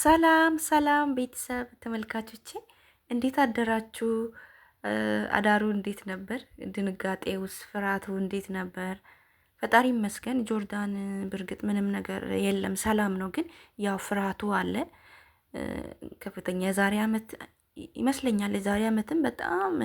ሰላም ሰላም ቤተሰብ ተመልካቾቼ እንዴት አደራችሁ? አዳሩ እንዴት ነበር? ድንጋጤ ውስጥ ፍርሃቱ እንዴት ነበር? ፈጣሪ ይመስገን ጆርዳን ብርግጥ ምንም ነገር የለም ሰላም ነው፣ ግን ያው ፍርሃቱ አለ ከፍተኛ። የዛሬ ዓመት ይመስለኛል የዛሬ ዓመትም በጣም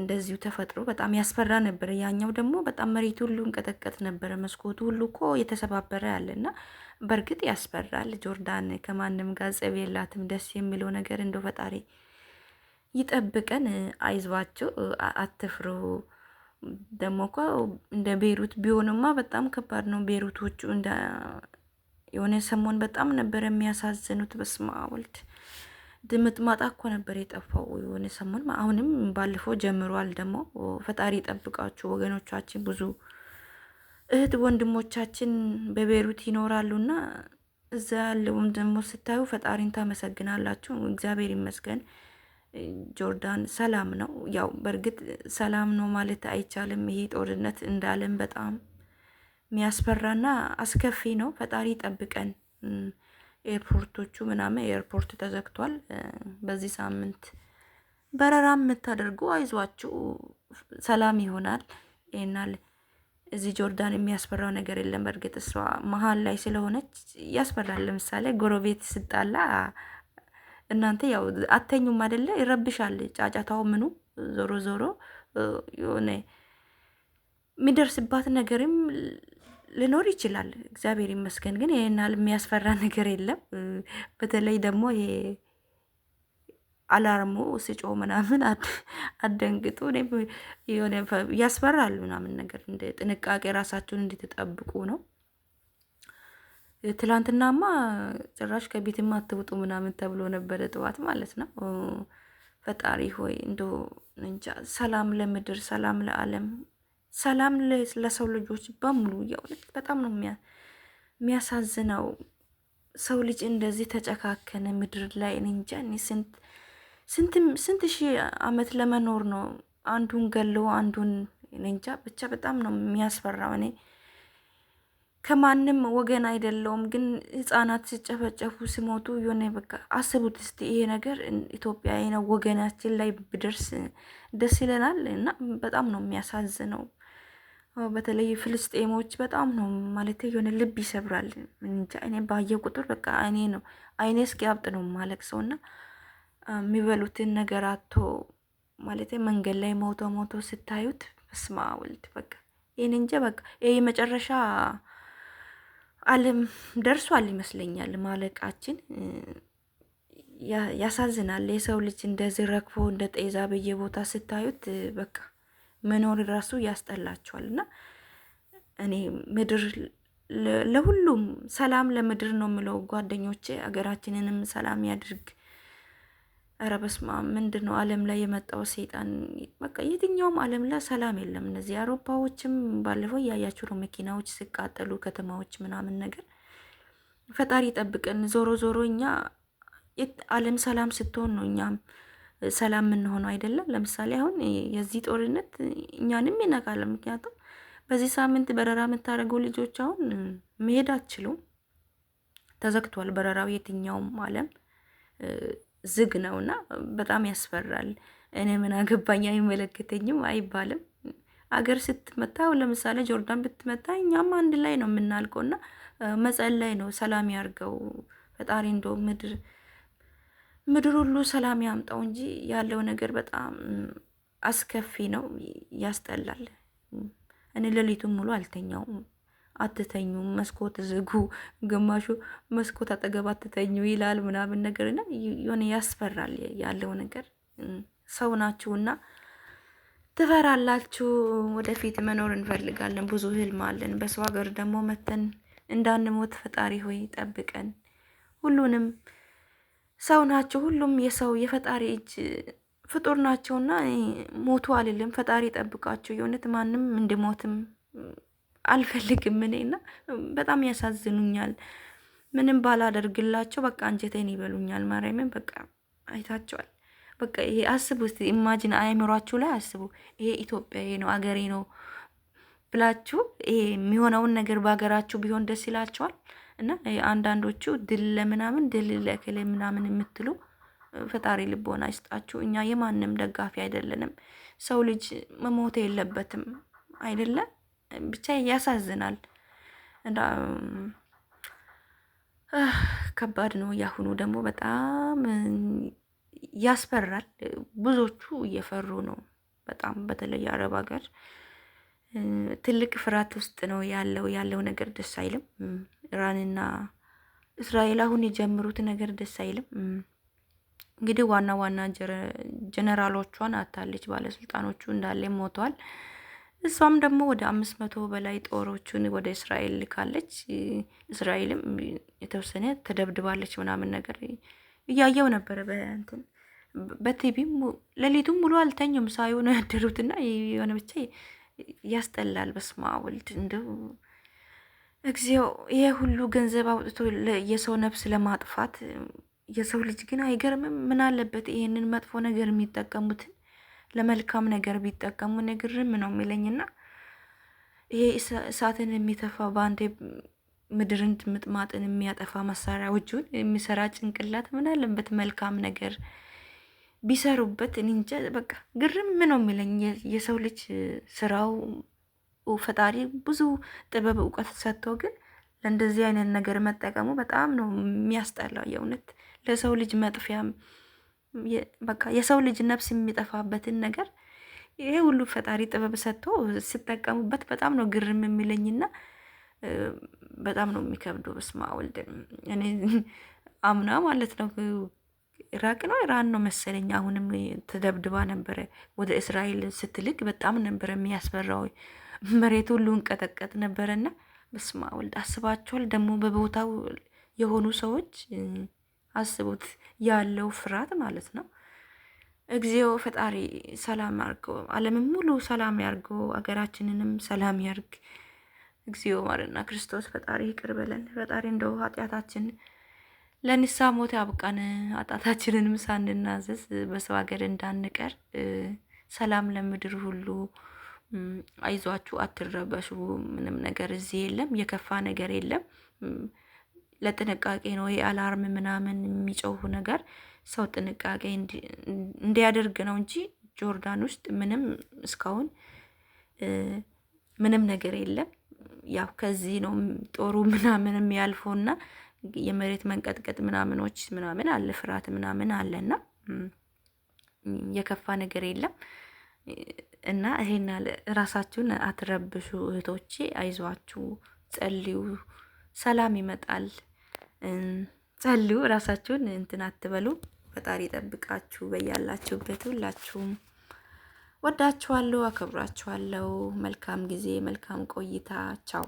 እንደዚሁ ተፈጥሮ በጣም ያስፈራ ነበር። ያኛው ደግሞ በጣም መሬቱ ሁሉ እንቀጠቀጥ ነበረ፣ መስኮቱ ሁሉ እኮ የተሰባበረ ያለና። እና በእርግጥ ያስፈራል። ጆርዳን ከማንም ጋር ጸብ የላትም። ደስ የሚለው ነገር እንደው ፈጣሪ ይጠብቀን። አይዟችሁ፣ አትፍሩ። ደግሞ እኮ እንደ ቤሩት ቢሆንማ በጣም ከባድ ነው። ቤሩቶቹ እንደ የሆነ ሰሞን በጣም ነበር የሚያሳዝኑት። በስመ አብ ወልድ ድምጥ ማጣ እኮ ነበር የጠፋው የሆነ ሰሞን። አሁንም ባለፈው ጀምሯል። ደግሞ ፈጣሪ ይጠብቃችሁ ወገኖቻችን ብዙ እህት ወንድሞቻችን በቤሩት ይኖራሉና እዛ ያለውም ደግሞ ስታዩ ፈጣሪን ታመሰግናላችሁ። እግዚአብሔር ይመስገን ጆርዳን ሰላም ነው። ያው በእርግጥ ሰላም ነው ማለት አይቻልም። ይሄ ጦርነት እንዳለም በጣም የሚያስፈራና አስከፊ ነው። ፈጣሪ ጠብቀን። ኤርፖርቶቹ ምናምን ኤርፖርት ተዘግቷል በዚህ ሳምንት። በረራ የምታደርጉ አይዟችሁ፣ ሰላም ይሆናል ይናል እዚህ ጆርዳን የሚያስፈራው ነገር የለም። በእርግጥ እሷ መሀል ላይ ስለሆነች ያስፈራል። ለምሳሌ ጎረቤት ስጣላ እናንተ ያው አተኙም አይደለ? ይረብሻል፣ ጫጫታው ምኑ። ዞሮ ዞሮ የሆነ የሚደርስባት ነገርም ሊኖር ይችላል። እግዚአብሔር ይመስገን ግን ይህናል የሚያስፈራ ነገር የለም። በተለይ ደግሞ አላርሙ ስጮ ምናምን አደንግጡ የሆነ ያስፈራል ምናምን ነገር እንደ ጥንቃቄ ራሳችሁን እንድትጠብቁ ነው። ትላንትናማ ጭራሽ ከቤት አትውጡ ምናምን ተብሎ ነበረ ጠዋት ማለት ነው። ፈጣሪ ሆይ እንዶ እንጃ ሰላም ለምድር፣ ሰላም ለዓለም፣ ሰላም ለሰው ልጆች በሙሉ የእውነት በጣም ነው የሚያሳዝነው። ሰው ልጅ እንደዚህ ተጨካከነ ምድር ላይ እንጃ ስንት ስንት ሺህ ዓመት ለመኖር ነው። አንዱን ገሎ አንዱን እንጃ ብቻ በጣም ነው የሚያስፈራው። እኔ ከማንም ወገን አይደለውም፣ ግን ህጻናት ሲጨፈጨፉ ሲሞቱ የሆነ በቃ አስቡት እስቲ ይሄ ነገር ኢትዮጵያ ነ ወገናችን ላይ ብደርስ ደስ ይለናል። እና በጣም ነው የሚያሳዝነው። በተለይ ፍልስጤሞች በጣም ነው ማለት የሆነ ልብ ይሰብራል። እንጃ እኔ ባየ ቁጥር በቃ አይኔ ነው አይኔ እስኪ አብጥ ነው ማለቅ ሰውና የሚበሉትን ነገር አቶ ማለት መንገድ ላይ ሞቶ ሞቶ ስታዩት በስመ ወልድ በቃ ይህን እንጂ በቃ ይህ የመጨረሻ አለም ደርሷል ይመስለኛል ማለቃችን። ያሳዝናል። የሰው ልጅ እንደዚህ ረግፎ እንደ ጤዛ በየቦታ ስታዩት በቃ መኖር ራሱ ያስጠላቸዋል። እና እኔ ምድር ለሁሉም ሰላም ለምድር ነው የምለው ጓደኞቼ፣ ሀገራችንንም ሰላም ያድርግ። ኧረ በስመ አብ ምንድን ነው ዓለም ላይ የመጣው ሰይጣን። በቃ የትኛውም ዓለም ላይ ሰላም የለም። እነዚህ አውሮፓዎችም ባለፈው እያያችሁ ነው፣ መኪናዎች ሲቃጠሉ ከተማዎች ምናምን ነገር። ፈጣሪ ጠብቀን። ዞሮ ዞሮ እኛ ዓለም ሰላም ስትሆን ነው እኛም ሰላም የምንሆነው አይደለም። ለምሳሌ አሁን የዚህ ጦርነት እኛንም ይነካል። ምክንያቱም በዚህ ሳምንት በረራ የምታደርጉ ልጆች አሁን መሄድ አትችሉም፣ ተዘግቷል በረራው የትኛውም ዓለም ዝግ ነው እና በጣም ያስፈራል። እኔ ምን አገባኝ አይመለከተኝም አይባልም። አገር ስትመታ ለምሳሌ ጆርዳን ብትመታ እኛም አንድ ላይ ነው የምናልቀው እና ላይ ነው። ሰላም ያርገው ፈጣሪ እንደ ምድር ምድር ሁሉ ሰላም ያምጣው እንጂ ያለው ነገር በጣም አስከፊ ነው፣ ያስጠላል። እኔ ሌሊቱን ሙሉ አልተኛውም። አትተኙ፣ መስኮት ዝጉ፣ ግማሹ መስኮት አጠገብ አትተኙ ይላል ምናምን ነገር እና የሆነ ያስፈራል ያለው ነገር። ሰው ናችሁና ትፈራላችሁ። ወደፊት መኖር እንፈልጋለን፣ ብዙ ህልም አለን። በሰው ሀገር ደግሞ መተን እንዳንሞት ፈጣሪ ሆይ ጠብቀን። ሁሉንም ሰው ናችሁ፣ ሁሉም የሰው የፈጣሪ እጅ ፍጡር ናቸውና ሞቱ አልልም። ፈጣሪ ጠብቃችሁ የእውነት ማንም እንድሞትም አልፈልግም እኔና በጣም ያሳዝኑኛል። ምንም ባላደርግላቸው በቃ አንጀቴን ይበሉኛል። ማርያምን በቃ አይታቸዋል። በቃ ይሄ አስቡ እስቲ ኢማጂን አእምሯችሁ ላይ አስቡ። ይሄ ኢትዮጵያ ነው አገሬ ነው ብላችሁ ይሄ የሚሆነውን ነገር በሀገራችሁ ቢሆን ደስ ይላችኋል። እና አንዳንዶቹ ድል ለምናምን ድል ለእከሌ ምናምን የምትሉ ፈጣሪ ልቦና ይስጣችሁ። እኛ የማንም ደጋፊ አይደለንም። ሰው ልጅ መሞት የለበትም አይደለም። ብቻ ያሳዝናል። ከባድ ነው። ያሁኑ ደግሞ በጣም ያስፈራል። ብዙዎቹ እየፈሩ ነው። በጣም በተለይ አረብ ሀገር ትልቅ ፍርሃት ውስጥ ነው ያለው። ያለው ነገር ደስ አይልም። ኢራንና እስራኤል አሁን የጀመሩት ነገር ደስ አይልም። እንግዲህ ዋና ዋና ጀነራሎቿን አታለች። ባለስልጣኖቹ እንዳለ ሞቷል። እሷም ደግሞ ወደ አምስት መቶ በላይ ጦሮቹን ወደ እስራኤል ልካለች። እስራኤልም የተወሰነ ተደብድባለች ምናምን ነገር እያየው ነበረ። በእንትን በቲቪም ሌሊቱም ሙሉ አልተኙም ሳይሆን ነው ያደሩትና የሆነ ብቻ ያስጠላል። በስመ አብ ወልድ እንደው እግዚኦ ይሄ ሁሉ ገንዘብ አውጥቶ የሰው ነፍስ ለማጥፋት የሰው ልጅ ግን አይገርምም? ምን አለበት ይሄንን መጥፎ ነገር የሚጠቀሙት ለመልካም ነገር ቢጠቀሙ ንግርም ነው የሚለኝና ይሄ እሳትን የሚተፋ በአንዴ ምድርን ምጥማጥን የሚያጠፋ መሳሪያ ውጁን የሚሰራ ጭንቅላት ምን መልካም ነገር ቢሰሩበት። እንጃ በቃ ግርም ነው የሚለኝ የሰው ልጅ ስራው ፈጣሪ ብዙ ጥበብ እውቀት ሰጥቶ ግን ለእንደዚህ አይነት ነገር መጠቀሙ በጣም ነው የሚያስጠላው። የእውነት ለሰው ልጅ መጥፊያ በቃ የሰው ልጅ ነፍስ የሚጠፋበትን ነገር ይሄ ሁሉ ፈጣሪ ጥበብ ሰጥቶ ስጠቀሙበት በጣም ነው ግርም የሚለኝና በጣም ነው የሚከብዱ። በስመ አብ ወልድ እኔ አምና ማለት ነው ኢራቅ ነው ኢራን ነው መሰለኝ አሁንም ተደብድባ ነበረ። ወደ እስራኤል ስትልቅ በጣም ነበረ የሚያስፈራው። መሬት ሁሉ እንቀጠቀጥ ነበረና በስመ አብ ወልድ አስባችኋል። ደግሞ በቦታው የሆኑ ሰዎች አስቡት ያለው ፍርሃት ማለት ነው። እግዚኦ ፈጣሪ ሰላም ያርጎ፣ ዓለምን ሙሉ ሰላም ያርጎ፣ አገራችንንም ሰላም ያርግ። እግዚኦ ማለትና ክርስቶስ ፈጣሪ ይቅር በለን። ፈጣሪ እንደው ኃጢአታችን ለንስሐ ሞት ያብቃን። ኃጢአታችንንም ሳንናዘዝ በሰው ሀገር እንዳንቀር። ሰላም ለምድር ሁሉ። አይዟችሁ፣ አትረበሹ። ምንም ነገር እዚህ የለም፣ የከፋ ነገር የለም። ለጥንቃቄ ነው ይሄ አላርም ምናምን የሚጮሁ ነገር ሰው ጥንቃቄ እንዲያደርግ ነው እንጂ ጆርዳን ውስጥ ምንም እስካሁን ምንም ነገር የለም። ያው ከዚህ ነው ጦሩ ምናምን የሚያልፈውና የመሬት መንቀጥቀጥ ምናምኖች ምናምን አለ ፍርሃት ምናምን አለና የከፋ ነገር የለም። እና ይሄን ራሳችሁን አትረብሹ እህቶቼ፣ አይዟችሁ፣ ጸልዩ፣ ሰላም ይመጣል። ጸልዩ፣ ራሳችሁን እንትን አትበሉ። ፈጣሪ ጠብቃችሁ በያላችሁበት። ሁላችሁም ወዳችኋለሁ፣ አከብራችኋለሁ። መልካም ጊዜ፣ መልካም ቆይታ። ቻው